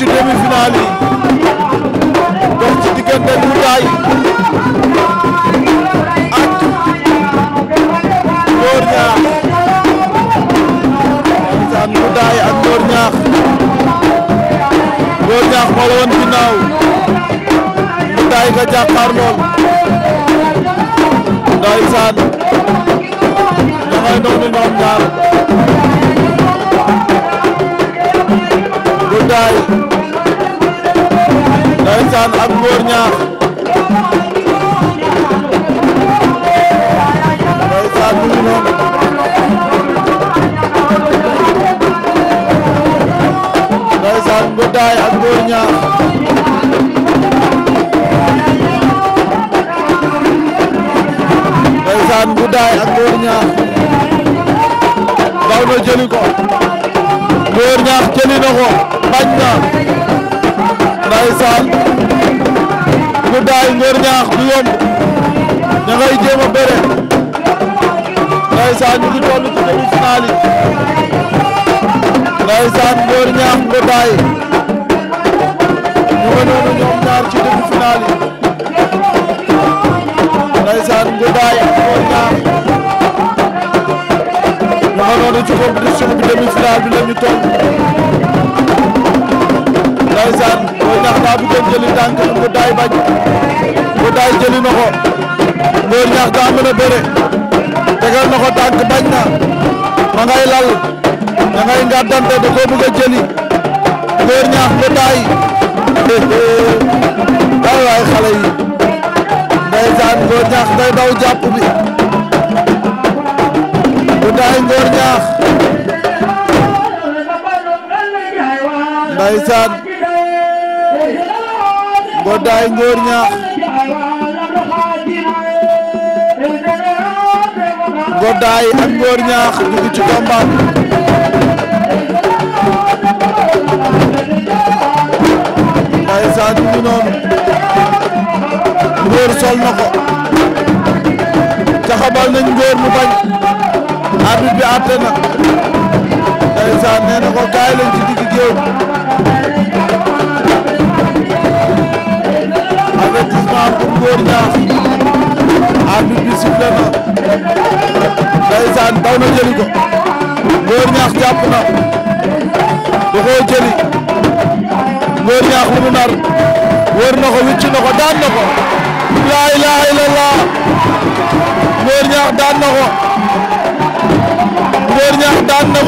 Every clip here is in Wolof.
ci demi-finale yi dox ci diggante Moutaay ak Ngor Ñaax ndeysaan Moutaay ak Ngor Ñaax Ngor Ñaax moo la woon ginnaaw Moutaay nga jàkkaar lool ndeysaan dangay noonu ñoom ñaar Moutaay ndeysaan ak Ngor ak Ngor Ñaax ndeysaan na jëli ko Ngor Ñaax jëli bañ na ndeysaan ñu bàyyi Ngor Ñaax du yomb da ngay jéem a bëre ndeysaan ñu ngi toll ci demi-finale yi ndeysaan Ngor Ñaax nga bàyyi ñu nga noonu ñoom ñaar ci demi-finale yi ndeysaan nga bàyyi Ngor Ñaax ñu nga noonu ci compétition bi demi-finale bi la ñu toll ndeysaan Boy Niang daa bëggoon jëli tànk Ngur Daay bañ Ngur Daay jëli na ko Boy Niang mën a bëre tegal na ko bañ na ma ngay lal ma ngay ngàddante da koo bëgg a jëli Boy Niang Daay ay waay xale yi ndeysaan Boy Niang day daw jàpp bi Ngur Daay Boy Niang ndeysaan Ngodaay Ngor Ñaax Ngodaay ak Ngor Ñaax ñu ngi ci combat ndeysaan ñu ngi noonu sol na ko jaxabal nañ Ngor mu bañ arbitre bi àtte na ndeysaan nee na ko kaay lañ da koy mu nar wër na ko wicc na ko daan na ko laa ilaaha illallah Ngor Ñaax daan na ko Ngor Ñaax daan na ko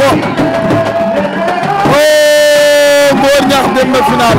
Ngor Ñaax dem na final